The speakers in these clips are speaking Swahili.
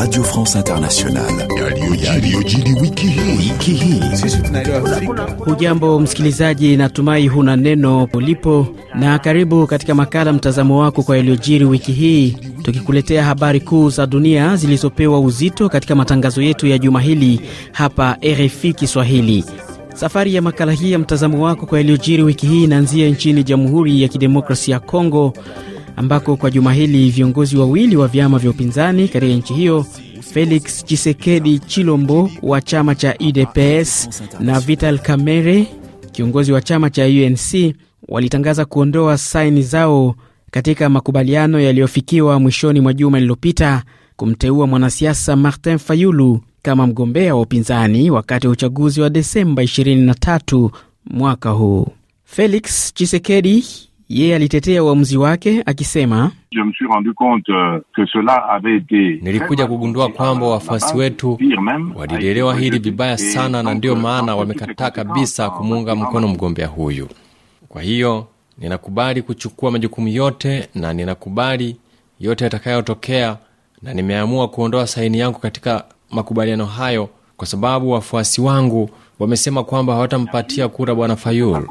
Radio France Internationale. Yaliyojiri Hujambo msikilizaji, natumai huna neno ulipo, na karibu katika makala mtazamo wako kwa yaliyojiri wiki hii, tukikuletea habari kuu za dunia zilizopewa uzito katika matangazo yetu ya juma hili hapa RFI Kiswahili. Safari ya makala hii ya mtazamo wako kwa yaliyojiri wiki hii inaanzia nchini Jamhuri ya Kidemokrasia ya Kongo ambako kwa juma hili viongozi wawili wa vyama vya upinzani katika nchi hiyo Felix Chisekedi Chilombo wa chama cha UDPS na Vital camere kiongozi wa chama cha UNC walitangaza kuondoa saini zao katika makubaliano yaliyofikiwa mwishoni mwa juma lililopita kumteua mwanasiasa Martin Fayulu kama mgombea wa upinzani wakati wa uchaguzi wa Desemba 23 mwaka huu. Felix Chisekedi yeye alitetea uamuzi wake akisema, euh, nilikuja kugundua kwamba wafuasi wetu walilielewa hili vibaya sana, na ndiyo euh, maana wamekataa kabisa kumuunga mkono mgombea huyu. Kwa hiyo ninakubali kuchukua majukumu yote na ninakubali yote yatakayotokea, na nimeamua kuondoa saini yangu katika makubaliano hayo kwa sababu wafuasi wangu wamesema kwamba hawatampatia kura bwana Fayul,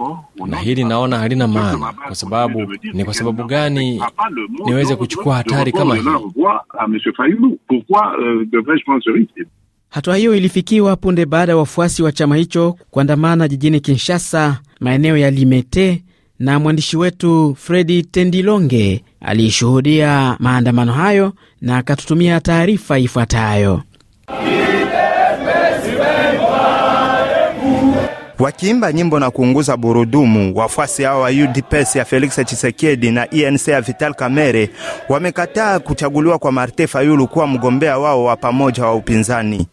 na hili naona halina maana. Kwa sababu ni kwa sababu gani niweze kuchukua hatari kama hii? Hatua hiyo ilifikiwa punde baada ya wafuasi wa chama hicho kuandamana jijini Kinshasa, maeneo ya Limete, na mwandishi wetu Fredi Tendilonge aliishuhudia maandamano hayo na akatutumia taarifa ifuatayo. wakiimba nyimbo na kuunguza burudumu. Wafuasi hao wa UDPS ya Felix chisekedi na INC e ya Vital Kamerhe wamekataa kuchaguliwa kwa Martin Fayulu kuwa mgombea wao wa pamoja wa upinzani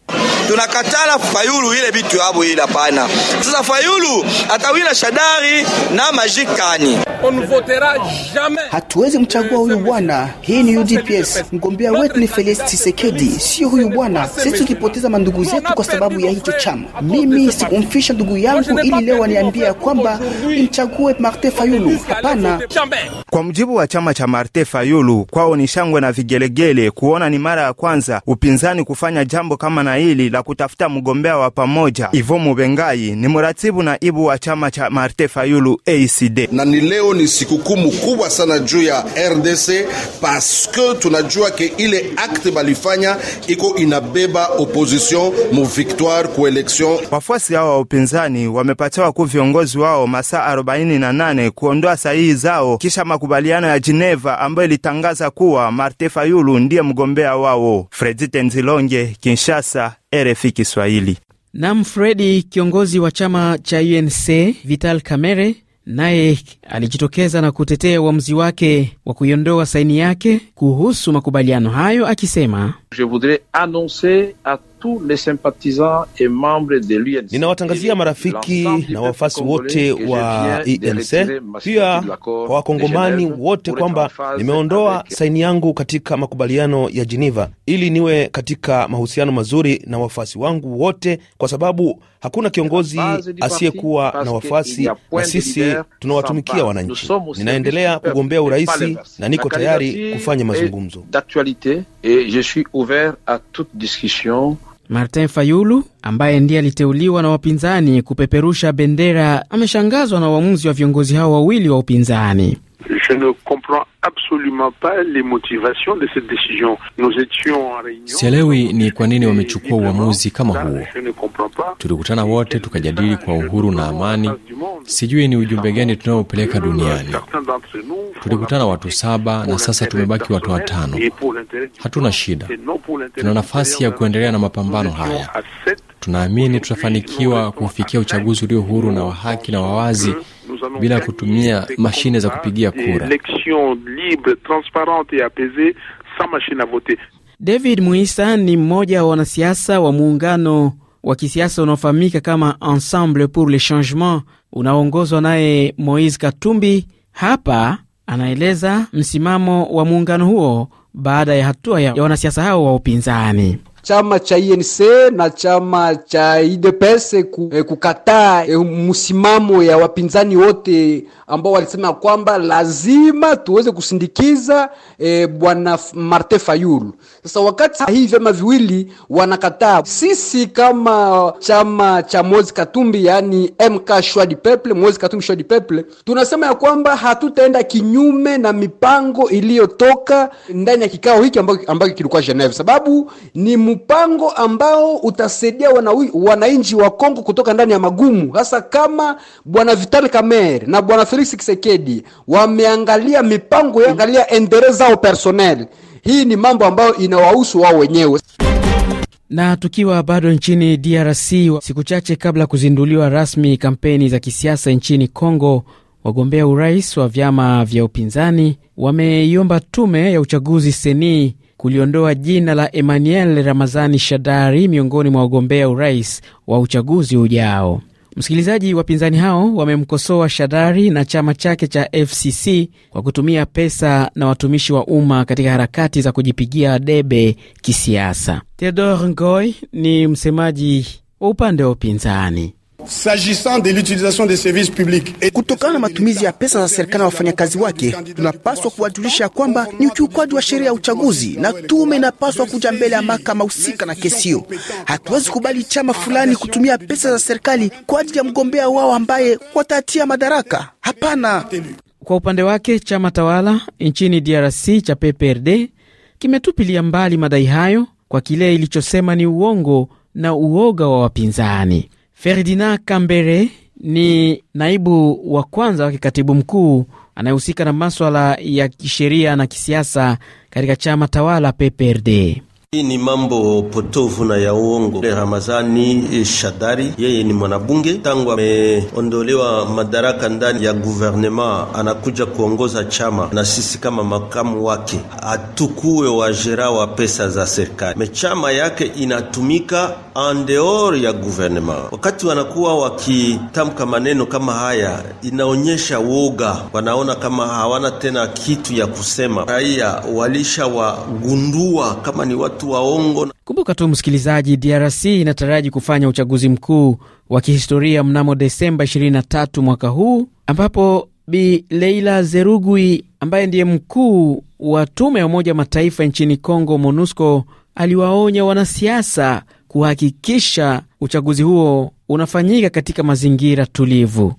tunakatala fayulu ile bitu yabo ile, hapana. Sasa fayulu atawila shadari na majikani hatuwezi mchagua huyu bwana. Hii ni UDPS, mgombea wetu ni Felix Tshisekedi, sio huyu bwana. Sisi tukipoteza mandugu zetu kwa sababu ya hicho chama. Mimi sikumfisha ndugu yangu ili leo aniambia kwamba imchague Martin Fayulu, hapana. Kwa mjibu wa chama cha Martin Fayulu, kwao ni shangwe na vigelegele kuona ni mara ya kwanza upinzani kufanya jambo kama na hili la kutafuta mgombea wa pamoja. Ivo mubengai ni mratibu na ibu wa chama cha Marte Fayulu ACD. Na ni leo ni sikukuu kubwa sana juu ya RDC paske tunajua ke ile akte balifanya iko inabeba opposition mu victoire ku election. Wafuasi hao wa upinzani wamepatiwa ku viongozi wao masaa 48 kuondoa sahihi zao kisha makubaliano ya Geneva ambayo ilitangaza kuwa Marte Fayulu ndiye mgombea wao. Fredi Tenzilonge, Kinshasa. RFI Kiswahili. Nam Fredi, kiongozi wa chama cha UNC Vital Kamerhe naye alijitokeza na kutetea uamuzi wake wa kuiondoa saini yake kuhusu makubaliano hayo akisema Je voudrais annoncer a Ninawatangazia marafiki na wafasi wote wa ENC pia kwa wakongomani wote kwamba nimeondoa saini yangu katika makubaliano ya Geneva ili niwe katika mahusiano mazuri na wafasi wangu wote, kwa sababu hakuna kiongozi asiyekuwa na wafasi, na sisi tunawatumikia wananchi. Ninaendelea kugombea urahisi na niko tayari kufanya mazungumzo. Martin Fayulu ambaye ndiye aliteuliwa na wapinzani kupeperusha bendera ameshangazwa na uamuzi wa viongozi hao wawili wa upinzani absolument pas les motivations de cette décision. Nous étions en réunion. Sielewi ni kwa nini wamechukua uamuzi kama huo. Tulikutana wote tukajadili kwa uhuru na amani. Sijui ni ujumbe gani tunaopeleka duniani. Tulikutana watu saba na sasa tumebaki watu watano. Hatuna shida, tuna nafasi ya kuendelea na mapambano haya. Tunaamini tutafanikiwa kufikia uchaguzi ulio huru na wa haki na wawazi bila kutumia mashine za kupigia kura. David Muisa ni mmoja wa wanasiasa wa muungano wa kisiasa unaofahamika kama Ensemble pour le Changement unaoongozwa naye Moise Katumbi. Hapa anaeleza msimamo wa muungano huo baada ya hatua ya wanasiasa hao wa upinzani chama cha INC na chama cha IDPS ku, eh, kukataa eh, msimamo ya wapinzani wote ambao walisema kwamba lazima tuweze kusindikiza e, bwana Martin Fayulu. Sasa wakati hii vyama viwili wanakataa, sisi kama chama cha Mozi Katumbi, yani MK Shwadi Peple, Mozi Katumbi Shwadi Peple, tunasema ya kwamba hatutaenda kinyume na mipango iliyotoka ndani ya kikao hiki ambacho kilikuwa Geneva, sababu ni mpango ambao utasaidia wananchi wa Kongo kutoka ndani ya magumu, hasa kama bwana Vital Kamerhe na bwana Felix Tshisekedi wameangalia mipango ya angalia endere zao personnel. Hii ni mambo ambayo inawahusu wao wenyewe. Na tukiwa bado nchini DRC, siku chache kabla kuzinduliwa rasmi kampeni za kisiasa nchini Kongo, wagombea urais wa vyama vya upinzani wameiomba tume ya uchaguzi seni kuliondoa jina la Emmanuel Ramazani Shadari miongoni mwa wagombea urais wa uchaguzi ujao. Msikilizaji, wapinzani hao wamemkosoa Shadari na chama chake cha FCC kwa kutumia pesa na watumishi wa umma katika harakati za kujipigia debe kisiasa. Theodore Ngoy ni msemaji wa upande wa upinzani. Kutokana na matumizi ya pesa za serikali na wafanyakazi wake, tunapaswa kuwajulisha kwamba ni ukiukwaji wa sheria ya uchaguzi, na tume inapaswa kuja mbele ya mahakama husika na kesi hiyo. Hatuwezi kubali chama fulani kutumia pesa za serikali kwa ajili ya mgombea wao ambaye watatia madaraka. Hapana. Kwa upande wake, chama tawala nchini DRC cha PPRD kimetupilia mbali madai hayo kwa kile ilichosema ni uongo na uoga wa wapinzani. Ferdinand Kambere ni naibu wa kwanza wa kikatibu mkuu anayehusika na maswala ya kisheria na kisiasa katika chama tawala PPRD. Hii ni mambo potofu na ya uongo. Ramazani Shadari yeye ni mwanabunge tangu ameondolewa madaraka ndani ya guvernema, anakuja kuongoza chama na sisi kama makamu wake atukue wajera wa pesa za serikali, mechama yake inatumika andeor ya guvernema. Wakati wanakuwa wakitamka maneno kama haya, inaonyesha woga, wanaona kama hawana tena kitu ya kusema. Raia walisha wagundua kama ni watu watu waongo. Kumbuka tu msikilizaji, DRC inataraji kufanya uchaguzi mkuu wa kihistoria mnamo Desemba 23 mwaka huu, ambapo Bi Leila Zerugui ambaye ndiye mkuu wa tume ya Umoja Mataifa nchini congo MONUSCO, aliwaonya wanasiasa kuhakikisha uchaguzi huo unafanyika katika mazingira tulivu.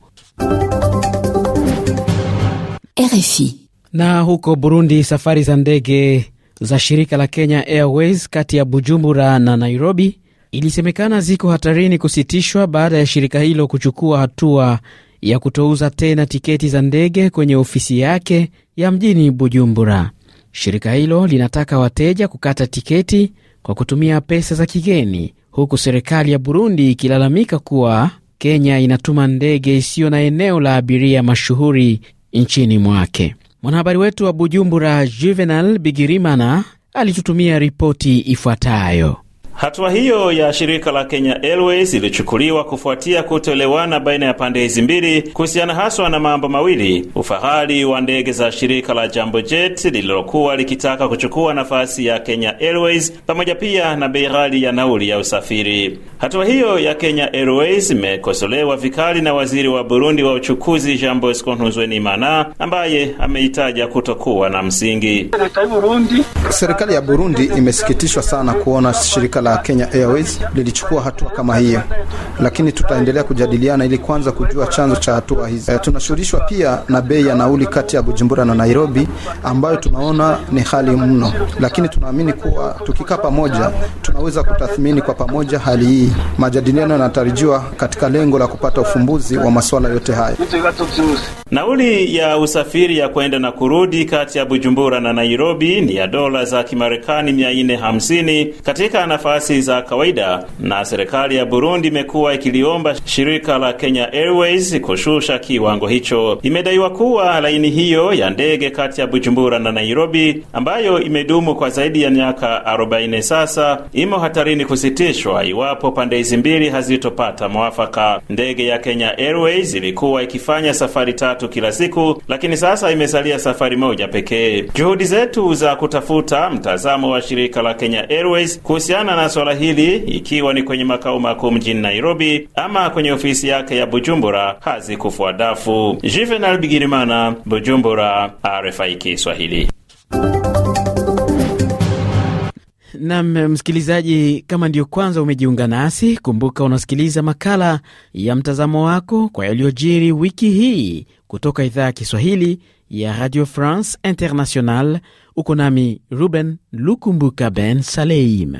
RFI. Na huko Burundi, safari za ndege za shirika la Kenya Airways kati ya Bujumbura na Nairobi ilisemekana ziko hatarini kusitishwa baada ya shirika hilo kuchukua hatua ya kutouza tena tiketi za ndege kwenye ofisi yake ya mjini Bujumbura. Shirika hilo linataka wateja kukata tiketi kwa kutumia pesa za kigeni, huku serikali ya Burundi ikilalamika kuwa Kenya inatuma ndege isiyo na eneo la abiria mashuhuri nchini mwake. Mwanahabari wetu wa Bujumbura, Juvenal Bigirimana, alitutumia ripoti ifuatayo. Hatua hiyo ya shirika la Kenya Airways ilichukuliwa kufuatia kutoelewana baina ya pande hizi mbili kuhusiana haswa na mambo mawili: ufahari wa ndege za shirika la Jambo Jet lililokuwa likitaka kuchukua nafasi ya Kenya Airways pamoja pia na bei ghali ya nauli ya usafiri. Hatua hiyo ya Kenya Airways imekosolewa vikali na waziri wa Burundi wa uchukuzi Jean Bosco mana ambaye ameitaja kutokuwa na msingi. Serikali ya Burundi imesikitishwa sana kuona shirika la Kenya Airways lilichukua hatua kama hiyo, lakini tutaendelea kujadiliana ili kwanza kujua chanzo cha hatua hizi. E, eh, tunashughulishwa pia na bei ya nauli kati ya Bujumbura na Nairobi ambayo tunaona ni hali mno, lakini tunaamini kuwa tukikaa pamoja tunaweza kutathmini kwa pamoja hali hii. Majadiliano yanatarajiwa katika lengo la kupata ufumbuzi wa masuala yote haya. Nauli ya usafiri ya kwenda na kurudi kati ya Bujumbura na Nairobi ni ya dola za Kimarekani 450 katika nafasi za kawaida, na serikali ya Burundi imekuwa ikiliomba shirika la Kenya Airways kushusha kiwango hicho. Imedaiwa kuwa laini hiyo ya ndege kati ya Bujumbura na Nairobi ambayo imedumu kwa zaidi ya miaka 40 sasa imo hatarini kusitishwa iwapo pande hizi mbili hazitopata mwafaka. Ndege ya Kenya Airways ilikuwa ikifanya safari tatu tatu kila siku, lakini sasa imesalia safari moja pekee. Juhudi zetu za kutafuta mtazamo wa shirika la Kenya Airways kuhusiana na swala hili, ikiwa ni kwenye makao makuu mjini Nairobi ama kwenye ofisi yake ya Bujumbura, hazikufua dafu. Juvenal Bigirimana, Bujumbura, RFI Kiswahili. Nam msikilizaji, kama ndiyo kwanza umejiunga nasi, kumbuka unasikiliza makala ya mtazamo wako kwa yaliyojiri wiki hii kutoka idhaa ya Kiswahili ya Radio France International. Uko nami Ruben Lukumbuka Ben Saleim.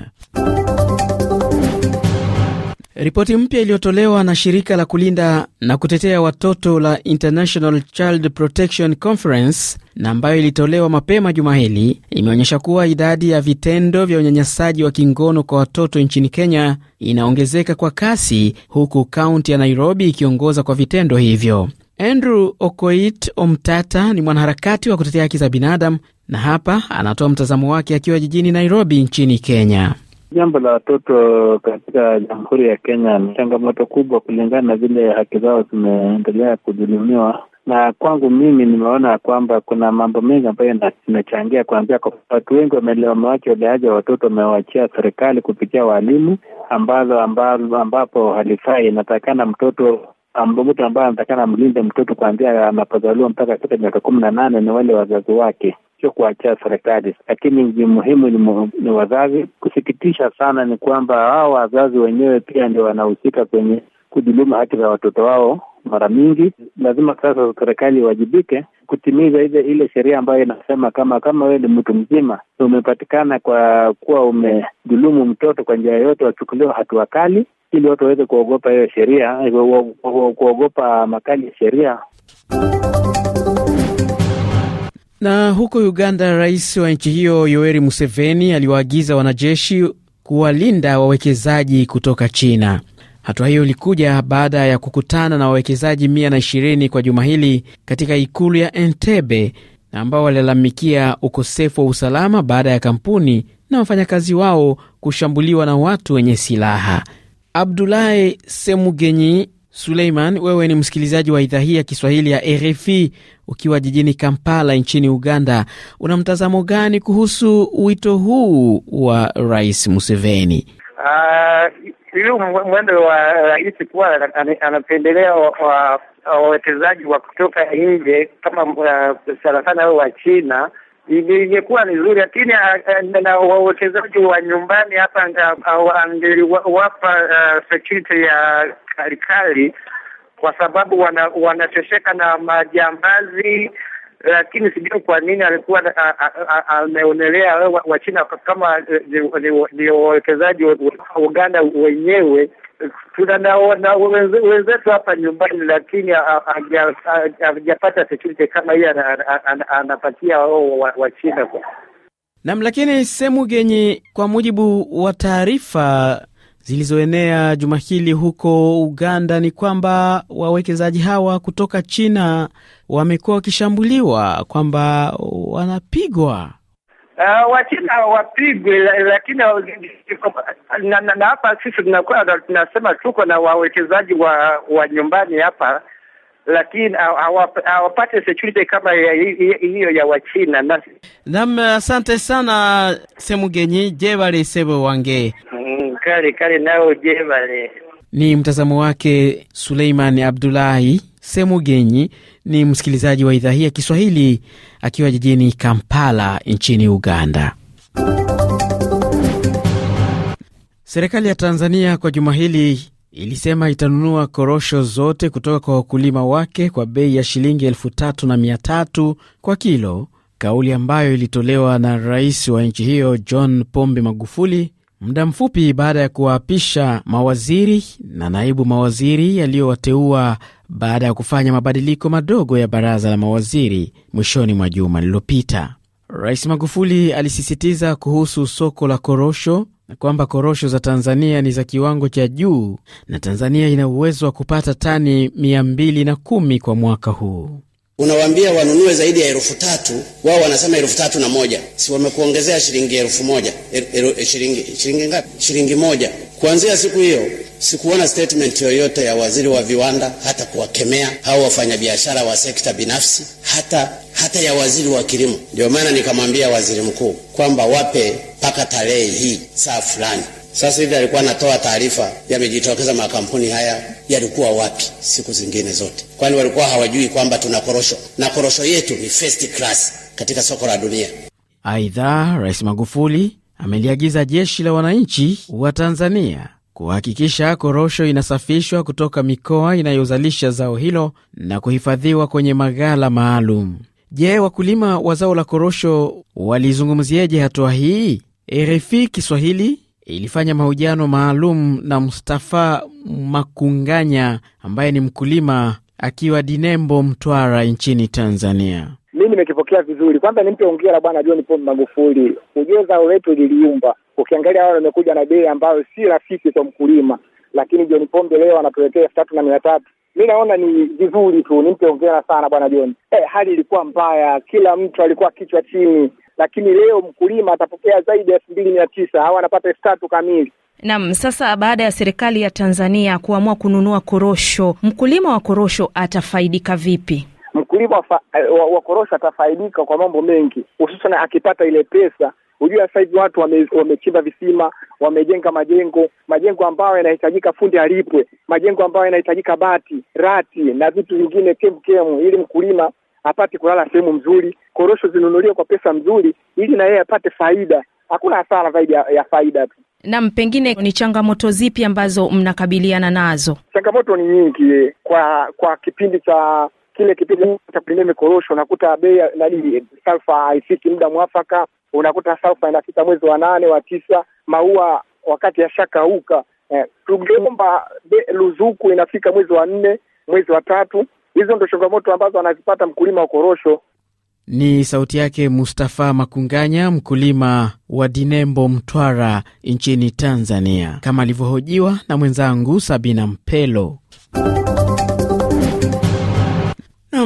Ripoti mpya iliyotolewa na shirika la kulinda na kutetea watoto la International Child Protection Conference na ambayo ilitolewa mapema juma hili imeonyesha kuwa idadi ya vitendo vya unyanyasaji wa kingono kwa watoto nchini Kenya inaongezeka kwa kasi, huku kaunti ya Nairobi ikiongoza kwa vitendo hivyo. Andrew Okoit Omtata ni mwanaharakati wa kutetea haki za binadamu na hapa anatoa mtazamo wake akiwa jijini Nairobi nchini Kenya. Jambo la watoto katika Jamhuri ya Kenya ni changamoto kubwa, kulingana na vile haki zao zimeendelea kudhulumiwa na kwangu mimi nimeona kwamba kuna mambo mengi ambayo imechangia, kuanzia kwa watu wengi wamewacha uleaji waliaja watoto wamewachia serikali kupitia walimu, ambazo ambapo halifai. Inatakana mtoto mtu ambaye anatakana amlinde mtoto kuanzia anapozaliwa mpaka afika miaka kumi na nane ni wale wazazi wake, sio kuachia serikali. Lakini ni muhimu ni, ni wazazi. Kusikitisha sana ni kwamba hawa wazazi wenyewe pia ndio wanahusika kwenye kudhulumu haki za watoto wao mara mingi. Lazima sasa serikali iwajibike kutimiza ile ile sheria ambayo inasema kama kama wewe ni mtu mzima umepatikana kwa kuwa umedhulumu mtoto kwa njia yoyote, wachukuliwa hatua kali, ili watu waweze kuogopa hiyo sheria, eh, kuogopa makali ya sheria. Na huko Uganda, rais wa nchi hiyo Yoweri Museveni aliwaagiza wanajeshi kuwalinda wawekezaji kutoka China. Hatua hiyo ilikuja baada ya kukutana na wawekezaji 120 kwa juma hili katika ikulu ya Entebbe ambao walilalamikia ukosefu wa usalama baada ya kampuni na wafanyakazi wao kushambuliwa na watu wenye silaha. Abdulahi Semugenyi Suleiman, wewe ni msikilizaji wa idhaa hii ya Kiswahili ya RFI ukiwa jijini Kampala nchini Uganda, una mtazamo gani kuhusu wito huu wa Rais Museveni? Uh, hiyo mwendo wa rais kuwa anapendelea wawekezaji wa kutoka nje kama uh, sana sana wa China ingekuwa ni nzuri, lakini uh, uh, na wawekezaji wa nyumbani hapa angeliwapa security ya kalikali kwa sababu wanateseka na majambazi lakini sijui kwa nini alikuwa ameonelea eh, Wachina kama eh, ni wawekezaji wa Uganda wenyewe. Tunanaona wenzetu hapa nyumbani, lakini hajapata chochote kama hiyo anapatia Wachina. nam lakini Semugenyi, kwa mujibu wa taarifa zilizoenea juma hili huko Uganda ni kwamba wawekezaji hawa kutoka China wamekuwa wakishambuliwa kwamba wanapigwa. Uh, Wachina wapigwe, lakini na hapa sisi tunakuwa tunasema tuko na wawekezaji wa, wa nyumbani hapa lakini hawapate security kama hiyo ya Wachina. Nam, asante sana Semugenyi Jebale Sebo wange kale mm, kale nao Jebale. Ni mtazamo wake Suleiman Abdulahi Semugenyi, ni msikilizaji wa idhaa hii ya Kiswahili akiwa jijini Kampala nchini Uganda. Serikali ya Tanzania kwa juma hili ilisema itanunua korosho zote kutoka kwa wakulima wake kwa bei ya shilingi 3300 kwa kilo, kauli ambayo ilitolewa na rais wa nchi hiyo John Pombe Magufuli muda mfupi baada ya kuwaapisha mawaziri na naibu mawaziri yaliyowateua baada ya kufanya mabadiliko madogo ya baraza la mawaziri mwishoni mwa juma lililopita. Rais Magufuli alisisitiza kuhusu soko la korosho na kwamba korosho za Tanzania ni za kiwango cha juu na Tanzania ina uwezo wa kupata tani 210 kwa mwaka huu. Unawaambia wanunue zaidi ya elfu tatu, wao wanasema elfu tatu na moja. Si wamekuongezea shilingi elfu moja? El, el, shilingi, shilingi ngapi? Shilingi moja. Kuanzia siku hiyo sikuona statement yoyote ya waziri wa viwanda, hata kuwakemea au wafanyabiashara wa sekta binafsi, hata hata ya waziri wa kilimo. Ndio maana nikamwambia waziri mkuu kwamba wape mpaka tarehe hii saa fulani. Sasa hivi alikuwa anatoa taarifa, yamejitokeza makampuni haya yalikuwa wapi siku zingine zote? Kwani walikuwa hawajui kwamba tuna korosho na korosho yetu ni first class katika soko la dunia. Aidha, Rais Magufuli ameliagiza jeshi la wananchi wa Tanzania kuhakikisha korosho inasafishwa kutoka mikoa inayozalisha zao hilo na kuhifadhiwa kwenye maghala maalum. Je, wakulima wa zao la korosho walizungumzieje hatua hii? RFI Kiswahili ilifanya mahojiano maalum na Mustafa Makunganya ambaye ni mkulima akiwa Dinembo, Mtwara nchini Tanzania. Mimi nimekipokea vizuri. Kwanza nimpe ongera la Bwana John Pombe Magufuli, ujeza wetu liliumba. Ukiangalia wao wamekuja na bei ambayo si rafiki kwa mkulima, lakini John Pombe leo anatuletea elfu tatu na mia tatu mi naona ni vizuri tu, nimpe ongera sana bwana John. Eh, hali ilikuwa mbaya, kila mtu alikuwa kichwa chini, lakini leo mkulima atapokea zaidi ya elfu mbili mia tisa au anapata elfu tatu kamili. nam sasa baada ya serikali ya Tanzania kuamua kununua korosho, mkulima wa korosho atafaidika vipi? Mkulima wa, eh, wa, korosho atafaidika kwa mambo mengi, hususan akipata ile pesa. Hujua sasa hivi watu wame, wamechimba visima, wamejenga majengo, majengo ambayo yanahitajika fundi alipwe, majengo ambayo yanahitajika bati, rati na vitu vingine kemkemu, ili mkulima apate kulala sehemu mzuri, korosho zinunuliwe kwa pesa mzuri, ili na yeye apate faida. Hakuna hasara zaidi ya, ya faida tu. Naam, pengine ni changamoto zipi ambazo mnakabiliana nazo? Changamoto ni nyingi eh, kwa kwa kipindi cha kile kipindi cha kulima korosho, unakuta bei nani, salfa haifiki muda mwafaka, unakuta salfa inafika mwezi wa nane wa tisa, maua wakati yashakauka. Eh, tungeomba ruzuku inafika mwezi wa nne mwezi wa tatu Hizo ndo changamoto ambazo anazipata mkulima wa korosho. Ni sauti yake Mustafa Makunganya, mkulima wa Dinembo, Mtwara, nchini Tanzania, kama alivyohojiwa na mwenzangu Sabina Mpelo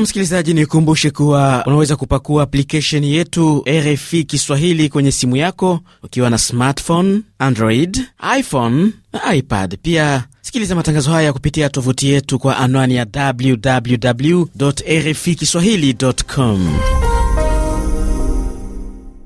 msikilizaji ni kumbushe kuwa unaweza kupakua aplikeshen yetu RFI Kiswahili kwenye simu yako ukiwa na smartphone, Android, iPhone na iPad. Pia sikiliza matangazo haya kupitia tovuti yetu kwa anwani ya www RFI kiswahilicom.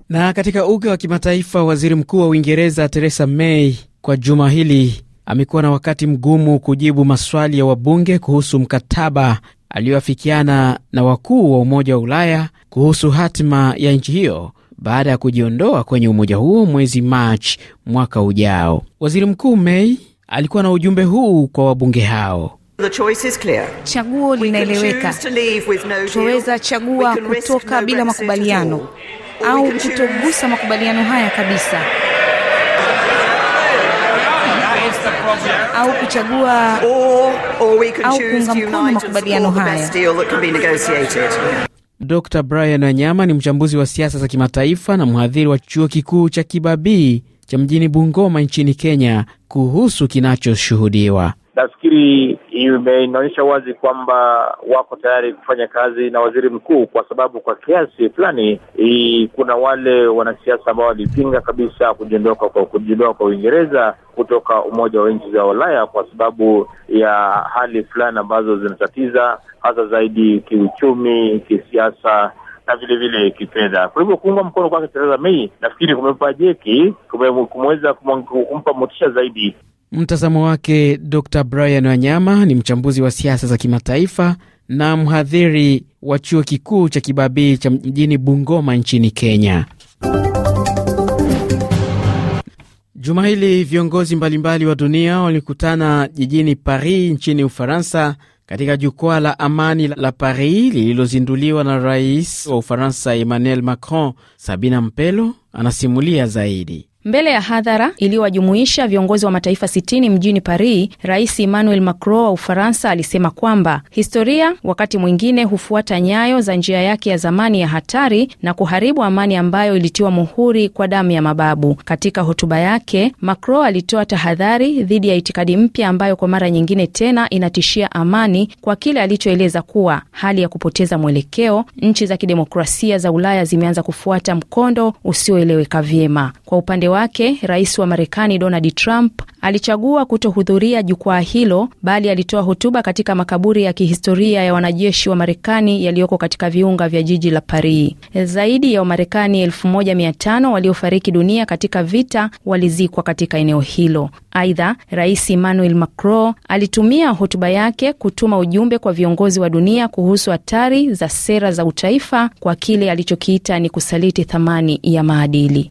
Na katika uga wa kimataifa, waziri mkuu wa Uingereza teresa May kwa juma hili amekuwa na wakati mgumu kujibu maswali ya wabunge kuhusu mkataba aliyoafikiana na wakuu wa Umoja wa Ulaya kuhusu hatima ya nchi hiyo baada ya kujiondoa kwenye umoja huo mwezi Machi mwaka ujao. Waziri Mkuu Mei alikuwa na ujumbe huu kwa wabunge hao. Chaguo linaeleweka. Tunaweza chagua kutoka bila makubaliano au kutogusa makubaliano haya kabisa. au kuchagua au kuunga mkono makubaliano haya. Dr. Brian Wanyama ni mchambuzi wa siasa za kimataifa na mhadhiri wa chuo kikuu cha Kibabii cha mjini Bungoma nchini Kenya kuhusu kinachoshuhudiwa nafikiri imeinaonyesha wazi kwamba wako tayari kufanya kazi na waziri mkuu, kwa sababu kwa kiasi fulani kuna wale wanasiasa ambao walipinga kabisa kujiondoka kwa kujiondoka kwa Uingereza kutoka Umoja wa Nchi za Ulaya kwa sababu ya hali fulani ambazo zinatatiza hasa zaidi kiuchumi, kisiasa na vile vile kifedha. Kwa hivyo kuunga mkono kwake Theresa May nafikiri kumempa jeki, kumeweza kumpa motisha zaidi. Mtazamo wake Dr Brian Wanyama ni mchambuzi wa siasa za kimataifa na mhadhiri wa chuo kikuu cha Kibabii cha mjini Bungoma nchini Kenya. Juma hili viongozi mbalimbali wa dunia walikutana jijini Paris nchini Ufaransa katika jukwaa la amani la Paris lililozinduliwa na rais wa Ufaransa Emmanuel Macron. Sabina Mpelo anasimulia zaidi. Mbele ya hadhara iliyowajumuisha viongozi wa mataifa 60 mjini Paris, Rais Emmanuel Macron wa Ufaransa alisema kwamba historia wakati mwingine hufuata nyayo za njia yake ya zamani ya hatari na kuharibu amani ambayo ilitiwa muhuri kwa damu ya mababu. Katika hotuba yake, Macron alitoa tahadhari dhidi ya itikadi mpya ambayo kwa mara nyingine tena inatishia amani kwa kile alichoeleza kuwa hali ya kupoteza mwelekeo, nchi za kidemokrasia za Ulaya zimeanza kufuata mkondo usioeleweka vyema. Kwa upande wake, rais wa Marekani Donald Trump alichagua kutohudhuria jukwaa hilo, bali alitoa hotuba katika makaburi ya kihistoria ya wanajeshi wa Marekani yaliyoko katika viunga vya jiji la Paris. Zaidi ya Wamarekani 1500 waliofariki dunia katika vita walizikwa katika eneo hilo. Aidha, rais Emmanuel Macron alitumia hotuba yake kutuma ujumbe kwa viongozi wa dunia kuhusu hatari za sera za utaifa kwa kile alichokiita ni kusaliti thamani ya maadili.